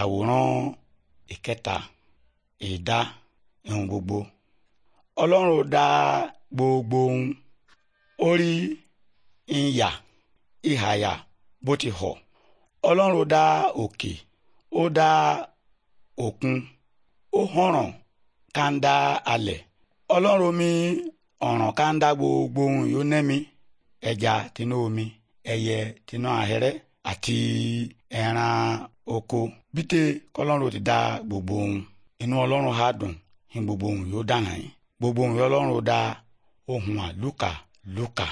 àwòrán ìkẹta ìdá ohun gbogbo ọlọ́run da gbogbo ohun ó rí ìyà ìhàyà bó ti họ̀ ọlọ́run da òkè ó dá òkun ó hànràn ká ń dá alẹ̀ ọlọ́run mi ọ̀ràn ká gbogbo ohun yóò nẹ́mi ẹja tinú omi ẹyẹ tinú ahẹ́rẹ́ àti ẹran oko bite kọlọ́run ti gbogbo ohun inú ọlọrụ ha dùn ní gbogbo ohun yóò dàn án gbogbo ohun yóò ọlọ́run dá ohun àlùkà lùkà.